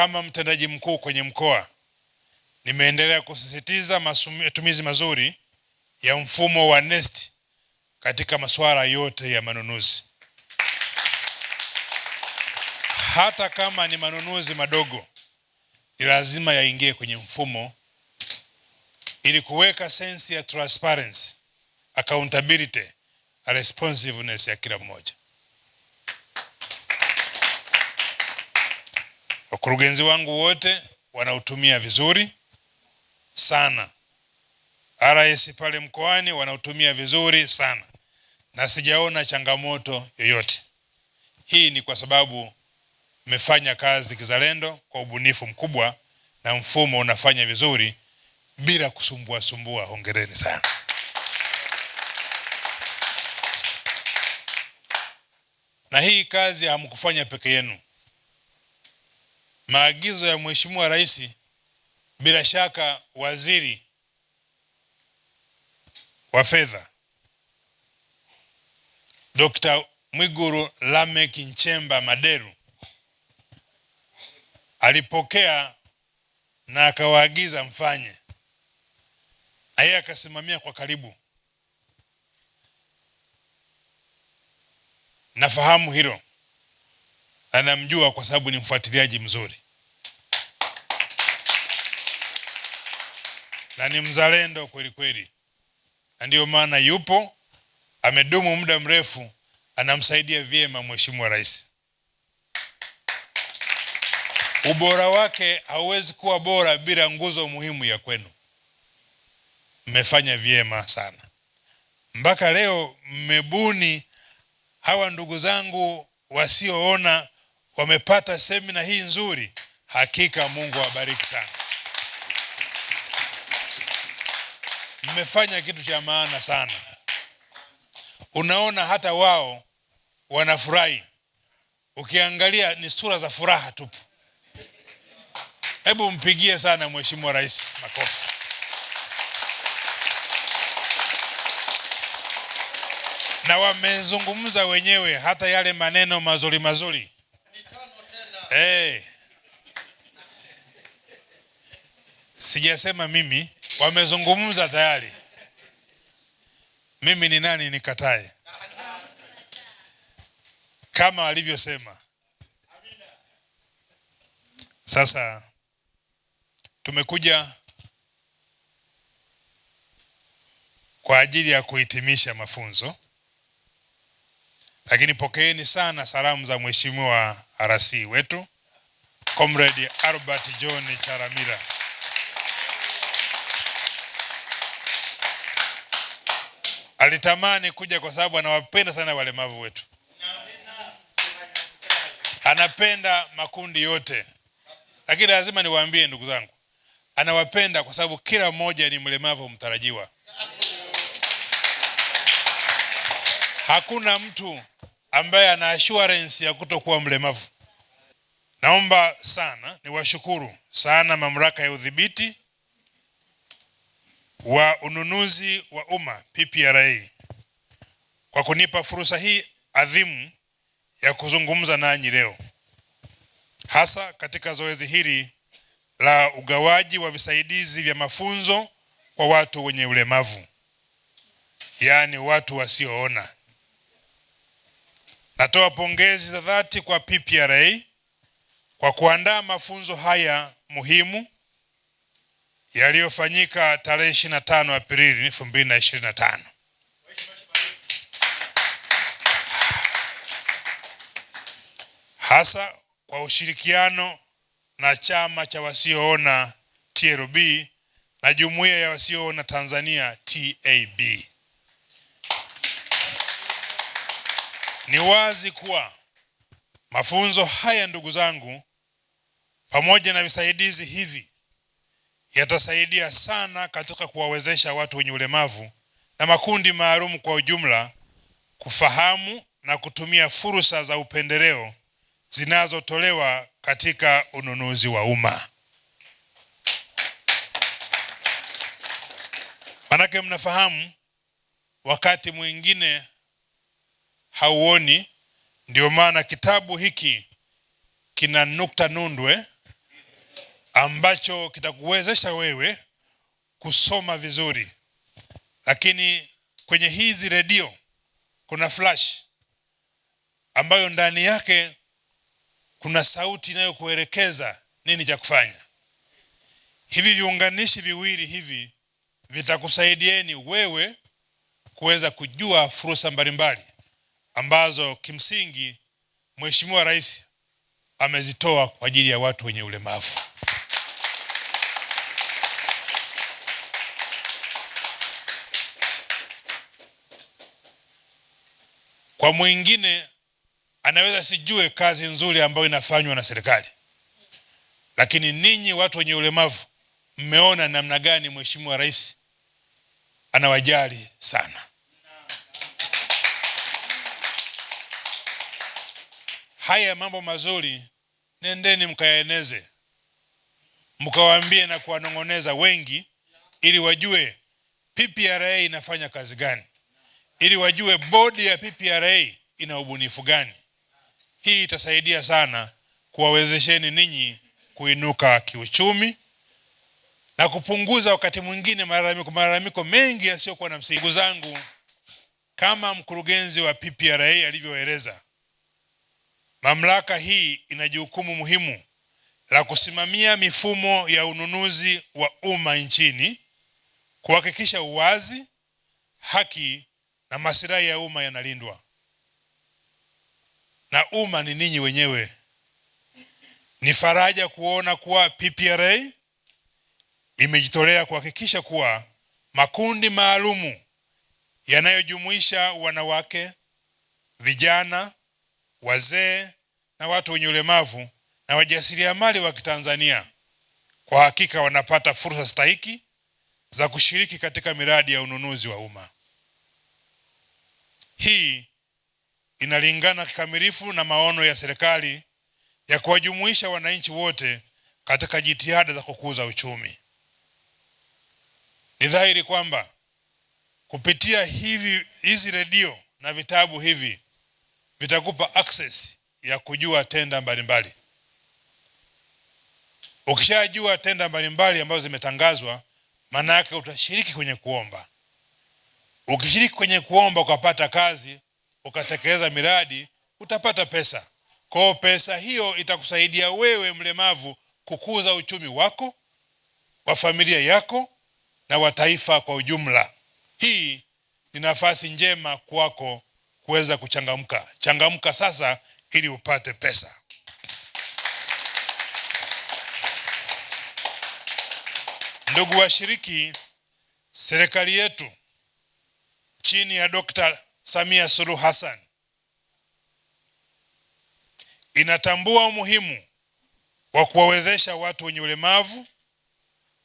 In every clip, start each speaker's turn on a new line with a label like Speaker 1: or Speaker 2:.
Speaker 1: Kama mtendaji mkuu kwenye mkoa, nimeendelea kusisitiza matumizi mazuri ya mfumo wa NeST katika masuala yote ya manunuzi, hata kama ni manunuzi madogo ni lazima yaingie kwenye mfumo ili kuweka sensi ya transparency, accountability na responsiveness ya kila mmoja. Wakurugenzi wangu wote wanautumia vizuri sana. RS pale mkoani wanautumia vizuri sana na sijaona changamoto yoyote. Hii ni kwa sababu mmefanya kazi kizalendo kwa ubunifu mkubwa na mfumo unafanya vizuri bila kusumbua sumbua. Hongereni sana. Na hii kazi hamkufanya peke yenu maagizo ya Mheshimiwa Rais, bila shaka waziri wa fedha Dr. Mwiguru Lameck Nchemba Maderu alipokea na akawaagiza mfanye, na yeye akasimamia kwa karibu. Nafahamu hilo anamjua kwa sababu ni mfuatiliaji mzuri. na ni mzalendo kweli kweli, na ndiyo maana yupo, amedumu muda mrefu, anamsaidia vyema Mheshimiwa Rais. Ubora wake hauwezi kuwa bora bila nguzo muhimu ya kwenu. Mmefanya vyema sana mpaka leo, mmebuni hawa ndugu zangu wasioona wamepata semina hii nzuri. Hakika Mungu awabariki sana. mmefanya kitu cha maana sana. Unaona hata wao wanafurahi, ukiangalia ni sura za furaha tupu. Hebu mpigie sana Mheshimiwa Rais makofi. Na wamezungumza wenyewe hata yale maneno mazuri mazuri hey. Eh. Sijasema mimi wamezungumza tayari. Mimi ni nani nikatae? Kama walivyosema. Sasa tumekuja kwa ajili ya kuhitimisha mafunzo, lakini pokeeni sana salamu za mheshimiwa RC wetu Comrade Albert John Charamira. alitamani kuja kwa sababu anawapenda sana walemavu wetu, anapenda makundi yote. Lakini lazima niwaambie ndugu zangu, anawapenda kwa sababu kila mmoja ni mlemavu mtarajiwa. Hakuna mtu ambaye ana assurance ya kutokuwa mlemavu. Naomba sana niwashukuru sana mamlaka ya udhibiti wa ununuzi wa umma PPRA kwa kunipa fursa hii adhimu ya kuzungumza nanyi leo, hasa katika zoezi hili la ugawaji wa visaidizi vya mafunzo kwa watu wenye ulemavu, yaani watu wasioona. Natoa pongezi za dhati kwa PPRA kwa kuandaa mafunzo haya muhimu yaliyofanyika tarehe 25 Aprili 2025. Hasa kwa ushirikiano na chama cha wasioona TLB na jumuiya ya wasioona Tanzania TAB. Ni wazi kuwa mafunzo haya ndugu zangu, pamoja na visaidizi hivi yatasaidia sana katika kuwawezesha watu wenye ulemavu na makundi maalum kwa ujumla kufahamu na kutumia fursa za upendeleo zinazotolewa katika ununuzi wa umma. Manake mnafahamu, wakati mwingine hauoni. Ndio maana kitabu hiki kina nukta nundwe eh? ambacho kitakuwezesha wewe kusoma vizuri. Lakini kwenye hizi redio kuna flash ambayo ndani yake kuna sauti inayokuelekeza nini cha kufanya. Hivi viunganishi viwili hivi vitakusaidieni wewe kuweza kujua fursa mbalimbali ambazo kimsingi Mheshimiwa Rais amezitoa kwa ajili ya watu wenye ulemavu. Kwa mwingine anaweza sijue kazi nzuri ambayo inafanywa na serikali, lakini ninyi watu wenye ulemavu mmeona namna gani Mheshimiwa Rais anawajali sana. Haya mambo mazuri nendeni mkayaeneze, mkawaambie na kuwanong'oneza wengi, ili wajue PPRA inafanya kazi gani ili wajue bodi ya PPRA ina ubunifu gani. Hii itasaidia sana kuwawezesheni ninyi kuinuka kiuchumi na kupunguza wakati mwingine malalamiko malalamiko mengi yasiyokuwa na msingi. Ndugu zangu, kama mkurugenzi wa PPRA alivyoeleza, mamlaka hii ina jukumu muhimu la kusimamia mifumo ya ununuzi wa umma nchini, kuhakikisha uwazi, haki na masilahi ya umma yanalindwa, na umma ni ninyi wenyewe. Ni faraja kuona kuwa PPRA imejitolea kuhakikisha kuwa makundi maalumu yanayojumuisha wanawake, vijana, wazee na watu wenye ulemavu na wajasiriamali wa Kitanzania kwa hakika wanapata fursa stahiki za kushiriki katika miradi ya ununuzi wa umma. Hii inalingana kikamilifu na maono ya serikali ya kuwajumuisha wananchi wote katika jitihada za kukuza uchumi. Ni dhahiri kwamba kupitia hivi hizi redio na vitabu hivi vitakupa access ya kujua tenda mbalimbali. Ukishajua tenda mbalimbali ambazo zimetangazwa, maana yake utashiriki kwenye kuomba. Ukishiriki kwenye kuomba ukapata kazi, ukatekeleza miradi, utapata pesa. Kwa pesa hiyo itakusaidia wewe mlemavu kukuza uchumi wako, wa familia yako na wa taifa kwa ujumla. Hii ni nafasi njema kwako kuweza kuchangamka. Changamka sasa ili upate pesa. Ndugu washiriki, serikali yetu chini ya Dr. Samia Suluhu Hassan inatambua umuhimu wa kuwawezesha watu wenye ulemavu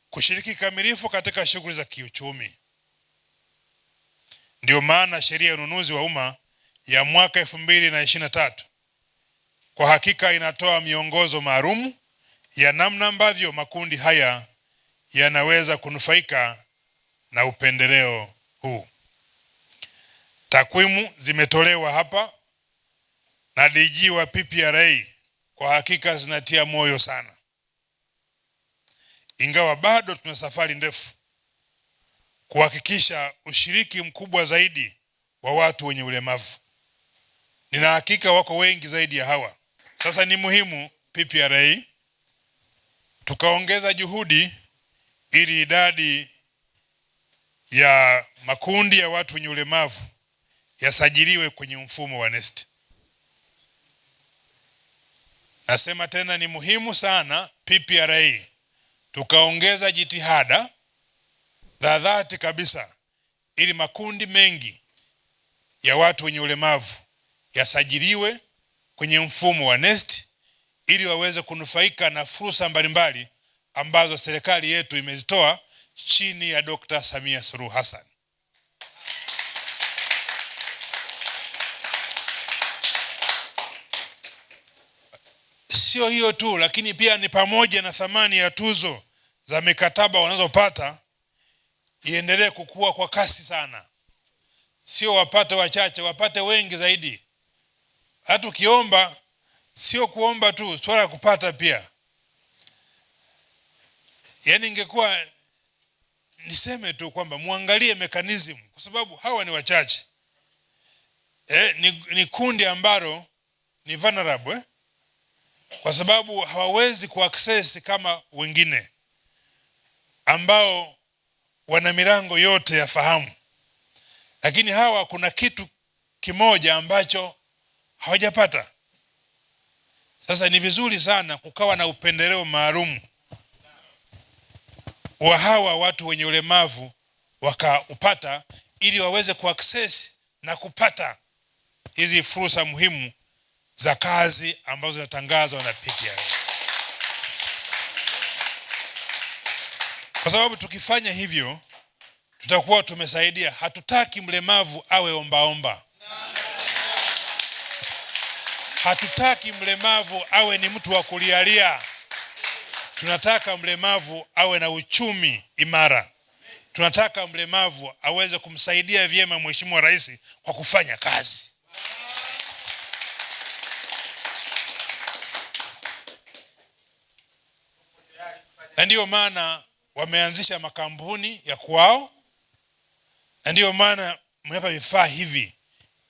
Speaker 1: kushiriki kikamilifu katika shughuli za kiuchumi. Ndiyo maana sheria ya ununuzi wa umma ya mwaka elfu mbili na ishirini na tatu kwa hakika inatoa miongozo maalum ya namna ambavyo makundi haya yanaweza kunufaika na upendeleo huu. Takwimu zimetolewa hapa na DG wa PPRA, kwa hakika zinatia moyo sana, ingawa bado tuna safari ndefu kuhakikisha ushiriki mkubwa zaidi wa watu wenye ulemavu. Nina hakika wako wengi zaidi ya hawa. Sasa ni muhimu PPRA tukaongeza juhudi ili idadi ya makundi ya watu wenye ulemavu yasajiliwe kwenye mfumo wa NeST. Nasema tena ni muhimu sana PPRA tukaongeza jitihada za dhati kabisa ili makundi mengi ya watu wenye ulemavu yasajiliwe kwenye mfumo wa NeST ili waweze kunufaika na fursa mbalimbali ambazo serikali yetu imezitoa chini ya Dr. Samia Suluhu Hassan. sio hiyo tu, lakini pia ni pamoja na thamani ya tuzo za mikataba wanazopata iendelee kukua kwa kasi sana, sio wapate wachache, wapate wengi zaidi. Hata ukiomba sio kuomba tu, swala ya kupata pia. Yaani ingekuwa niseme tu kwamba muangalie mekanizmu, kwa sababu hawa ni wachache. eh, ni, ni kundi ambalo ni vulnerable eh? kwa sababu hawawezi kuaccess kama wengine ambao wana milango yote ya fahamu, lakini hawa kuna kitu kimoja ambacho hawajapata. Sasa ni vizuri sana kukawa na upendeleo maalum wa hawa watu wenye ulemavu wakaupata, ili waweze kuaccess na kupata hizi fursa muhimu za kazi ambazo zinatangazwa na PPRA, kwa sababu tukifanya hivyo tutakuwa tumesaidia. Hatutaki mlemavu awe ombaomba, hatutaki mlemavu awe ni mtu wa kulialia. Tunataka mlemavu awe na uchumi imara, tunataka mlemavu aweze kumsaidia vyema Mheshimiwa Rais kwa kufanya kazi. ndiyo maana wameanzisha makampuni ya kwao, na ndiyo maana mmewapa vifaa hivi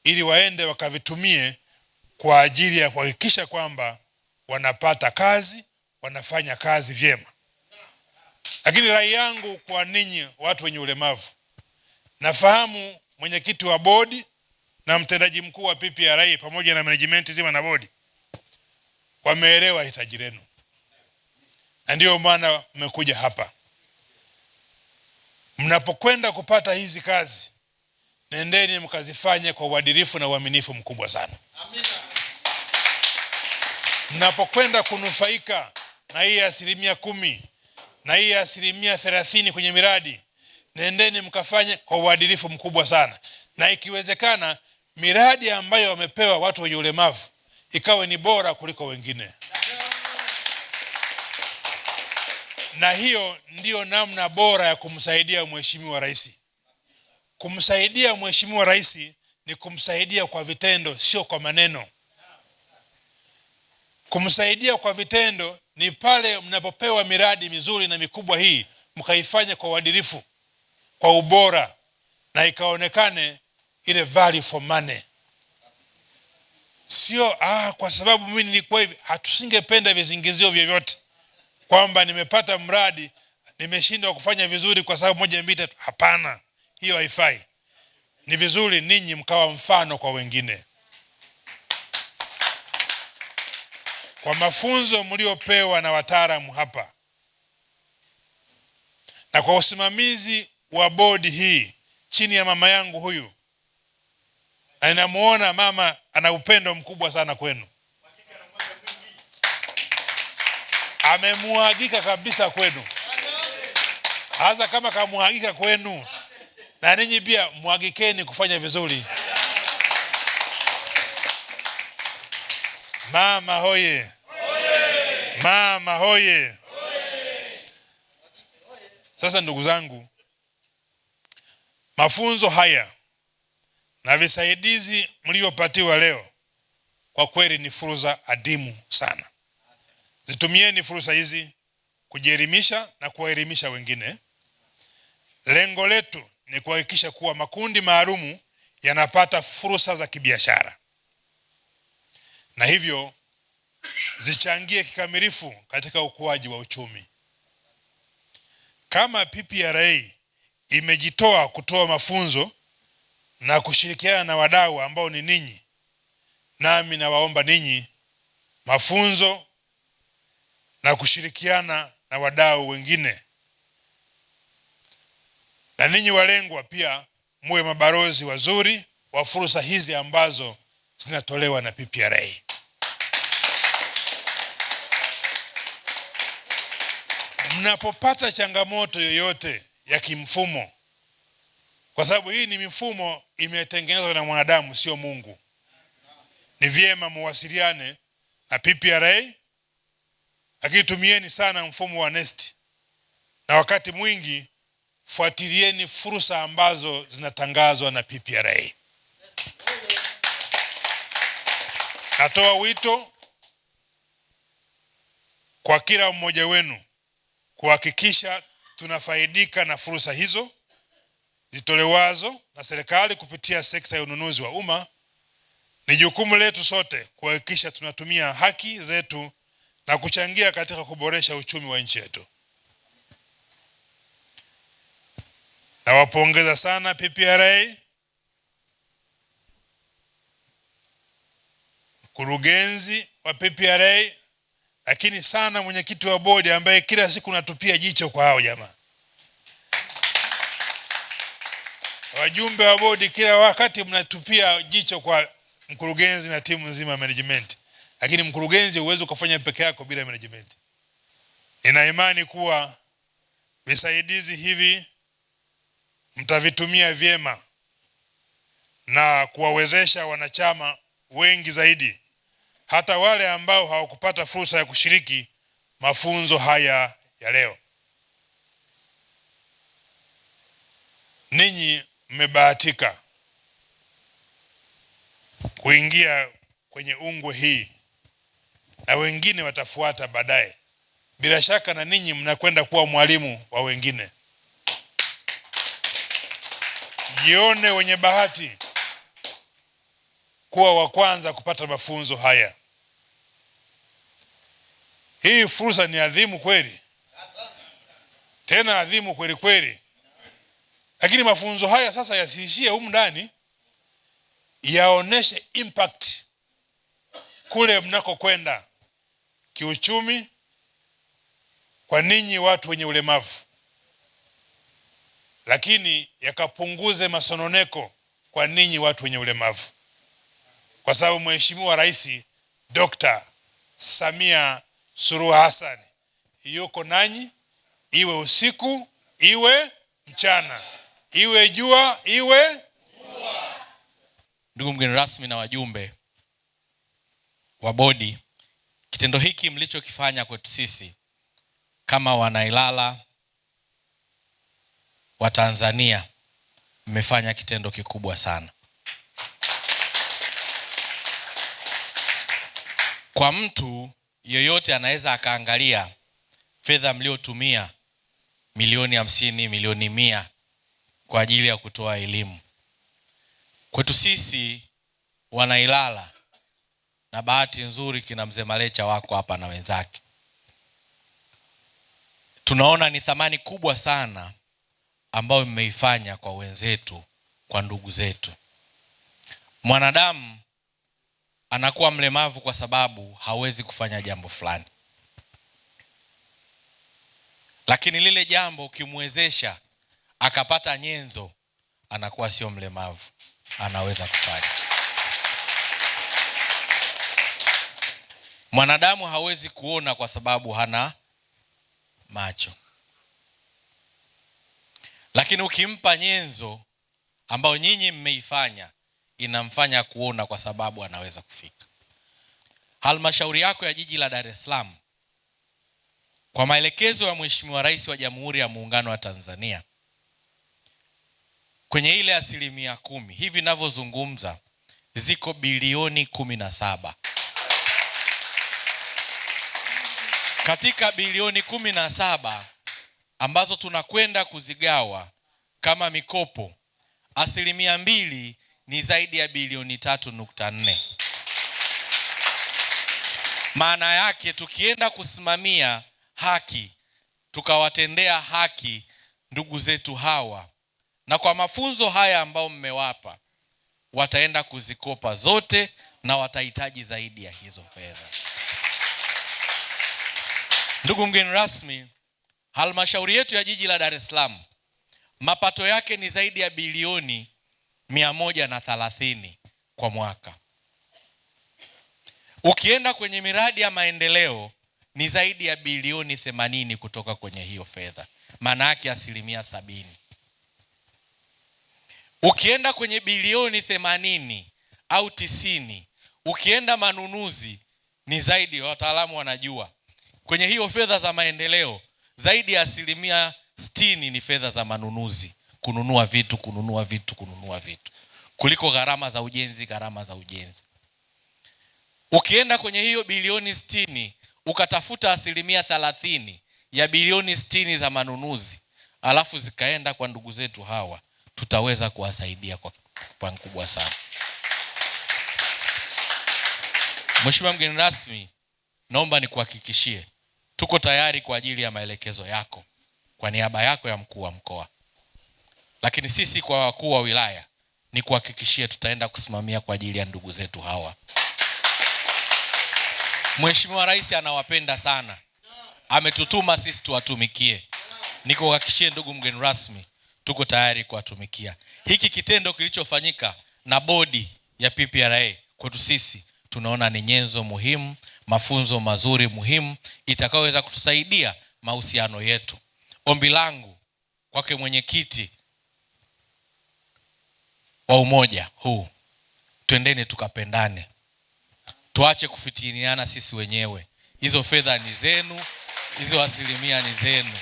Speaker 1: ili waende wakavitumie kwa ajili ya kuhakikisha kwamba wanapata kazi, wanafanya kazi vyema. Lakini rai yangu kwa ninyi watu wenye ulemavu, nafahamu mwenyekiti wa bodi na mtendaji mkuu wa PPRA pamoja na management zima na bodi wameelewa hitaji lenu na ndiyo maana mmekuja hapa. Mnapokwenda kupata hizi kazi, nendeni mkazifanye kwa uadilifu na uaminifu mkubwa sana. Mnapokwenda kunufaika na hii asilimia kumi na hii asilimia thelathini kwenye miradi, nendeni mkafanye kwa uadilifu mkubwa sana, na ikiwezekana miradi ambayo wamepewa watu wenye ulemavu ikawe ni bora kuliko wengine. na hiyo ndiyo namna bora ya kumsaidia mheshimiwa rais. Kumsaidia mheshimiwa rais ni kumsaidia kwa vitendo, sio kwa maneno. Kumsaidia kwa vitendo ni pale mnapopewa miradi mizuri na mikubwa hii mkaifanya kwa uadilifu, kwa ubora, na ikaonekane ile value for money, sio ah, kwa sababu mimi nilikuwa hivi. Hatusingependa vizingizio vyovyote kwamba nimepata mradi nimeshindwa kufanya vizuri kwa sababu moja mbili tatu. Hapana, hiyo haifai. Ni vizuri ninyi mkawa mfano kwa wengine kwa mafunzo mliopewa na wataalamu hapa na kwa usimamizi wa bodi hii chini ya mama yangu huyu, na ninamwona mama ana upendo mkubwa sana kwenu. amemwagika kabisa kwenu. Hasa kama kamwagika kwenu, na ninyi pia mwagikeni kufanya vizuri. Mama hoye, Mama hoye. Hoye. Sasa ndugu zangu, mafunzo haya na visaidizi mliopatiwa leo kwa kweli ni fursa adimu sana. Zitumieni fursa hizi kujielimisha na kuwaelimisha wengine. Lengo letu ni kuhakikisha kuwa makundi maalumu yanapata fursa za kibiashara na hivyo zichangie kikamilifu katika ukuaji wa uchumi. Kama PPRA imejitoa kutoa mafunzo na kushirikiana na wadau ambao ni ninyi, nami nawaomba ninyi mafunzo na kushirikiana na wadau wengine. Na ninyi walengwa pia muwe mabalozi wazuri wa fursa hizi ambazo zinatolewa na PPRA. Mnapopata changamoto yoyote ya kimfumo, kwa sababu hii ni mifumo imetengenezwa na mwanadamu, sio Mungu, ni vyema muwasiliane na PPRA lakini tumieni sana mfumo wa nest na wakati mwingi fuatilieni fursa ambazo zinatangazwa na PPRA. Natoa wito kwa kila mmoja wenu kuhakikisha tunafaidika na fursa hizo zitolewazo na serikali kupitia sekta ya ununuzi wa umma. Ni jukumu letu sote kuhakikisha tunatumia haki zetu na kuchangia katika kuboresha uchumi wa nchi yetu. Nawapongeza sana PPRA, mkurugenzi wa PPRA, lakini sana mwenyekiti wa bodi ambaye kila siku natupia jicho kwa hao jamaa wajumbe wa bodi, kila wakati mnatupia jicho kwa mkurugenzi na timu nzima ya management lakini mkurugenzi huwezi ukafanya peke yako bila management. Nina imani kuwa visaidizi hivi mtavitumia vyema na kuwawezesha wanachama wengi zaidi, hata wale ambao hawakupata fursa ya kushiriki mafunzo haya ya leo. Ninyi mmebahatika kuingia kwenye ungwe hii na wengine watafuata baadaye. Bila shaka na ninyi mnakwenda kuwa mwalimu wa wengine. Jione wenye bahati kuwa wa kwanza kupata mafunzo haya. Hii fursa ni adhimu kweli, tena adhimu kweli kweli. Lakini mafunzo haya sasa yasiishie humu ndani, yaoneshe impact kule mnakokwenda kiuchumi kwa ninyi watu wenye ulemavu, lakini yakapunguze masononeko kwa ninyi watu wenye ulemavu, kwa sababu Mheshimiwa Rais Dr. Samia Suluhu Hassan yuko nanyi, iwe usiku, iwe mchana, iwe jua, iwe
Speaker 2: Ndugu mgeni rasmi na wajumbe wa bodi, Kitendo hiki mlichokifanya kwetu sisi kama Wanailala wa Tanzania, mmefanya kitendo kikubwa sana. Kwa mtu yeyote anaweza akaangalia fedha mliotumia milioni hamsini, milioni mia kwa ajili ya kutoa elimu. Kwetu sisi Wanailala na bahati nzuri kina mzee Malecha wako hapa na wenzake, tunaona ni thamani kubwa sana ambayo mmeifanya kwa wenzetu, kwa ndugu zetu. Mwanadamu anakuwa mlemavu kwa sababu hawezi kufanya jambo fulani, lakini lile jambo ukimwezesha akapata nyenzo, anakuwa sio mlemavu, anaweza kufanya. Mwanadamu hawezi kuona kwa sababu hana macho, lakini ukimpa nyenzo ambayo nyinyi mmeifanya inamfanya kuona kwa sababu anaweza kufika. Halmashauri yako ya jiji la Dar es Salaam kwa maelekezo ya Mheshimiwa Rais wa Jamhuri ya Muungano wa Tanzania kwenye ile asilimia kumi, hivi navyozungumza ziko bilioni kumi na saba. Katika bilioni kumi na saba ambazo tunakwenda kuzigawa kama mikopo, asilimia mbili ni zaidi ya bilioni tatu nukta nne. Maana yake tukienda kusimamia haki, tukawatendea haki ndugu zetu hawa, na kwa mafunzo haya ambayo mmewapa, wataenda kuzikopa zote na watahitaji zaidi ya hizo fedha. Ndugu mgeni rasmi, halmashauri yetu ya jiji la Dar es Salaam mapato yake ni zaidi ya bilioni mia moja na thalathini kwa mwaka. Ukienda kwenye miradi ya maendeleo ni zaidi ya bilioni themanini kutoka kwenye hiyo fedha, maana yake asilimia sabini. Ukienda kwenye bilioni themanini au tisini, ukienda manunuzi ni zaidi, wataalamu wanajua Kwenye hiyo fedha za maendeleo zaidi ya asilimia stini ni fedha za manunuzi, kununua vitu, kununua vitu, kununua vitu kuliko gharama za ujenzi, gharama za ujenzi. Ukienda kwenye hiyo bilioni stini ukatafuta asilimia thalathini ya bilioni stini za manunuzi, alafu zikaenda kwa ndugu zetu hawa, tutaweza kuwasaidia kwa kwa mkubwa sana. Mheshimiwa mgeni rasmi, naomba nikuhakikishie tuko tayari kwa ajili ya maelekezo yako kwa niaba yako ya mkuu wa mkoa. Lakini sisi kwa wakuu wa wilaya ni kuhakikishie tutaenda kusimamia kwa ajili ya ndugu zetu hawa. Mheshimiwa Rais anawapenda sana, ametutuma sisi tuwatumikie. Nikuhakikishie ndugu mgeni rasmi, tuko tayari kuwatumikia. Hiki kitendo kilichofanyika na bodi ya PPRA kwetu sisi tunaona ni nyenzo muhimu mafunzo mazuri muhimu itakayoweza kutusaidia mahusiano yetu. Ombi langu kwake mwenyekiti wa umoja huu, twendeni tukapendane, tuache kufitiniana sisi wenyewe. Hizo fedha ni zenu, hizo asilimia ni zenu.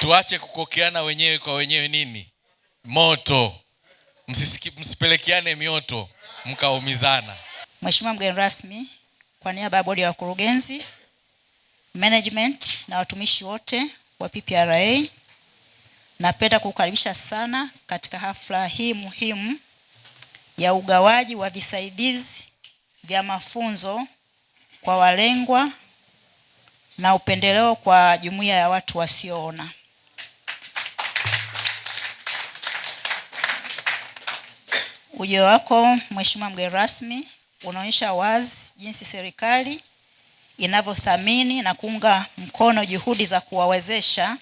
Speaker 2: Tuache kukokeana wenyewe kwa wenyewe nini moto, msipelekeane mioto mkaumizana.
Speaker 3: Mheshimiwa mgeni rasmi, kwa niaba ya bodi ya wakurugenzi, management na watumishi wote wa PPRA, napenda kukaribisha sana katika hafla hii muhimu ya ugawaji wa visaidizi vya mafunzo kwa walengwa na upendeleo kwa jumuiya ya watu wasioona. Ujio wako Mheshimiwa mgeni rasmi unaonyesha wazi jinsi serikali inavyothamini na kuunga mkono juhudi za kuwawezesha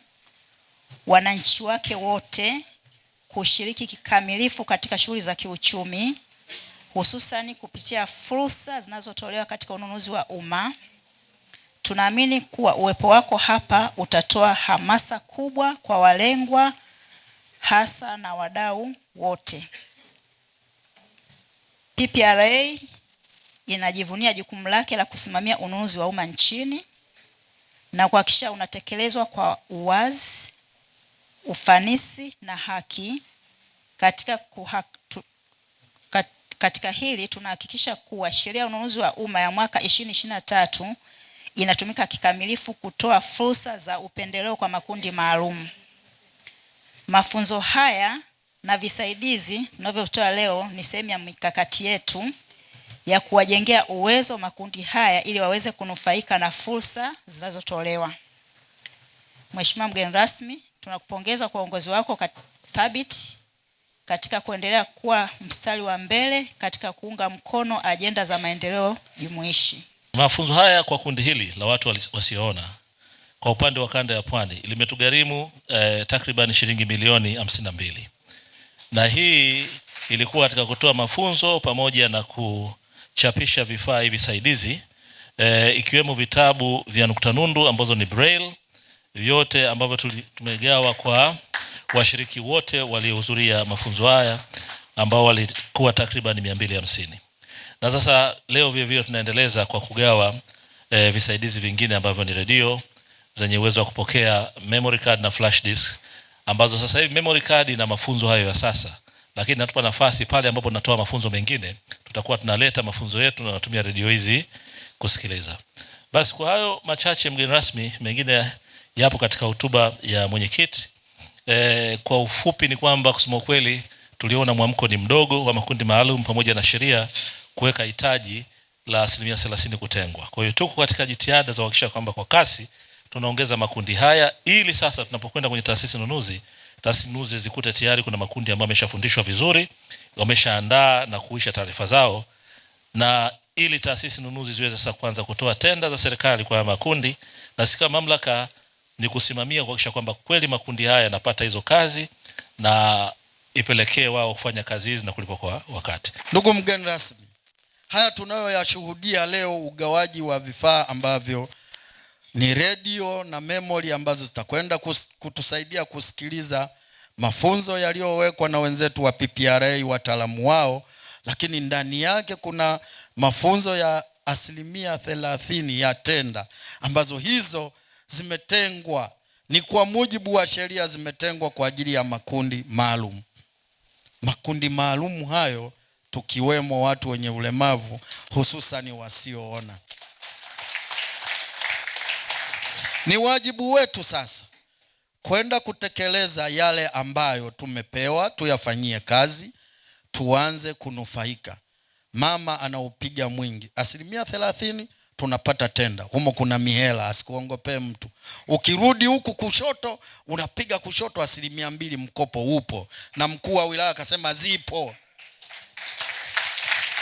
Speaker 3: wananchi wake wote kushiriki kikamilifu katika shughuli za kiuchumi hususani kupitia fursa zinazotolewa katika ununuzi wa umma. Tunaamini kuwa uwepo wako hapa utatoa hamasa kubwa kwa walengwa hasa na wadau wote. PPRA inajivunia jukumu lake la kusimamia ununuzi wa umma nchini na kuhakikisha unatekelezwa kwa uwazi, ufanisi na haki. Katika, kat, katika hili tunahakikisha kuwa sheria ya ununuzi wa umma ya mwaka 2023 inatumika kikamilifu kutoa fursa za upendeleo kwa makundi maalum. Mafunzo haya na visaidizi mnavyotoa leo ni sehemu ya mikakati yetu ya kuwajengea uwezo makundi haya ili waweze kunufaika na fursa zinazotolewa. Mheshimiwa mgeni rasmi, tunakupongeza kwa uongozi wako kat thabiti katika kuendelea kuwa mstari wa mbele katika kuunga mkono ajenda za maendeleo jumuishi.
Speaker 2: Mafunzo haya kwa kundi hili la watu wasioona kwa upande wa kanda ya Pwani limetugharimu eh, takriban shilingi milioni hamsini na mbili na hii ilikuwa katika kutoa mafunzo pamoja na kuchapisha vifaa hivi saidizi e, ikiwemo vitabu vya nukta nundu ambazo ni braille, vyote ambavyo tumegawa kwa washiriki wote waliohudhuria mafunzo haya ambao walikuwa takriban hamsini Na sasa leo vile vile tunaendeleza kwa kugawa e, visaidizi vingine ambavyo ni redio zenye uwezo wa kupokea memory card na flash disk ambazo sasa hivi memory card na mafunzo hayo ya sasa, lakini natupa nafasi pale ambapo natoa mafunzo mengine, tutakuwa tunaleta mafunzo yetu na natumia redio hizi kusikiliza. Basi kwa hayo machache, mgeni rasmi, mengine yapo katika hotuba ya mwenyekiti. E, kwa ufupi ni kwamba kusema kweli tuliona mwamko ni mdogo wa makundi maalum pamoja na sheria kuweka hitaji la asilimia thelathini kutengwa. Kwa hiyo tuko katika jitihada za kuhakikisha kwamba kwa kasi tunaongeza makundi haya ili sasa tunapokwenda kwenye taasisi nunuzi, taasisi nunuzi zikute tayari kuna makundi ambayo yameshafundishwa vizuri, wameshaandaa na kuisha taarifa zao, na ili taasisi nunuzi ziweze sasa kuanza kutoa tenda za serikali kwa makundi, na sisi kama mamlaka ni kusimamia kuhakikisha kwamba kweli makundi haya yanapata hizo kazi na ipelekee wao kufanya kazi hizi na kulipwa kwa wakati.
Speaker 1: Ndugu mgeni rasmi, haya tunayoyashuhudia leo, ugawaji wa vifaa ambavyo ni redio na memory ambazo zitakwenda kutusaidia kusikiliza mafunzo yaliyowekwa na wenzetu wa PPRA wataalamu wao, lakini ndani yake kuna mafunzo ya asilimia thelathini ya tenda ambazo hizo zimetengwa ni kwa mujibu wa sheria, zimetengwa kwa ajili ya makundi maalum. Makundi maalum hayo tukiwemo watu wenye ulemavu, hususani wasioona. Ni wajibu wetu sasa kwenda kutekeleza yale ambayo tumepewa, tuyafanyie kazi, tuanze kunufaika. Mama anaupiga mwingi, asilimia thelathini tunapata tenda humo, kuna mihela, asikuongopee mtu. Ukirudi huku kushoto, unapiga kushoto, asilimia mbili mkopo upo, na mkuu wa wilaya akasema zipo.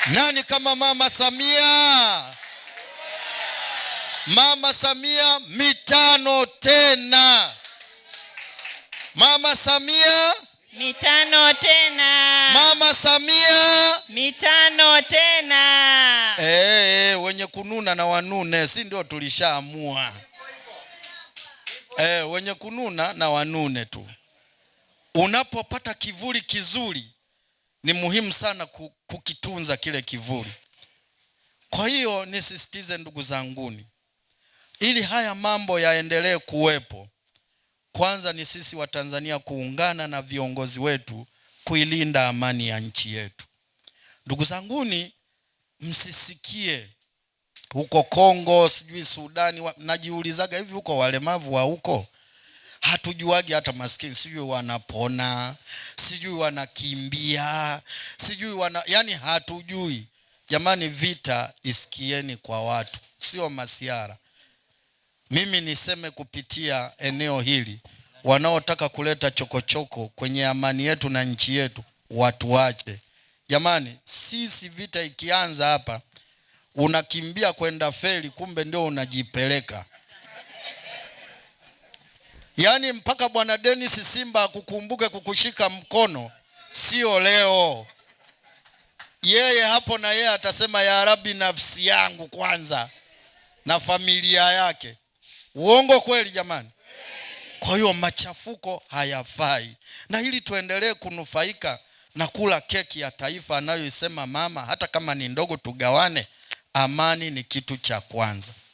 Speaker 1: Nani kama mama Samia? Mama Samia mitano tena, Mama Samia
Speaker 4: mitano tena,
Speaker 1: Mama Samia
Speaker 4: mitano tena.
Speaker 1: Hey, eh, eh, wenye kununa na wanune, si ndio tulishaamua? Hey, eh, wenye kununa na wanune tu. Unapopata kivuli kizuri, ni muhimu sana kukitunza kile kivuli. Kwa hiyo nisisitize, ndugu zanguni ili haya mambo yaendelee kuwepo, kwanza ni sisi Watanzania kuungana na viongozi wetu kuilinda amani ya nchi yetu. Ndugu zanguni, msisikie huko Kongo sijui Sudani najiulizaga hivi huko walemavu wa huko hatujuagi hata maskini, sijui wanapona, sijui wanakimbia, sijui wana yani, hatujui jamani. Vita isikieni kwa watu, sio masiara. Mimi niseme kupitia eneo hili, wanaotaka kuleta chokochoko -choko kwenye amani yetu na nchi yetu watu wache. Jamani, sisi vita ikianza hapa unakimbia kwenda feri, kumbe ndio unajipeleka. Yaani mpaka bwana Dennis Simba akukumbuke kukushika mkono, sio leo. Yeye hapo na yeye atasema ya Rabi, nafsi yangu kwanza na familia yake. Uongo kweli jamani? Kwa hiyo machafuko hayafai, na ili tuendelee kunufaika na kula keki ya taifa anayoisema mama, hata kama ni ndogo, tugawane. Amani ni kitu cha kwanza.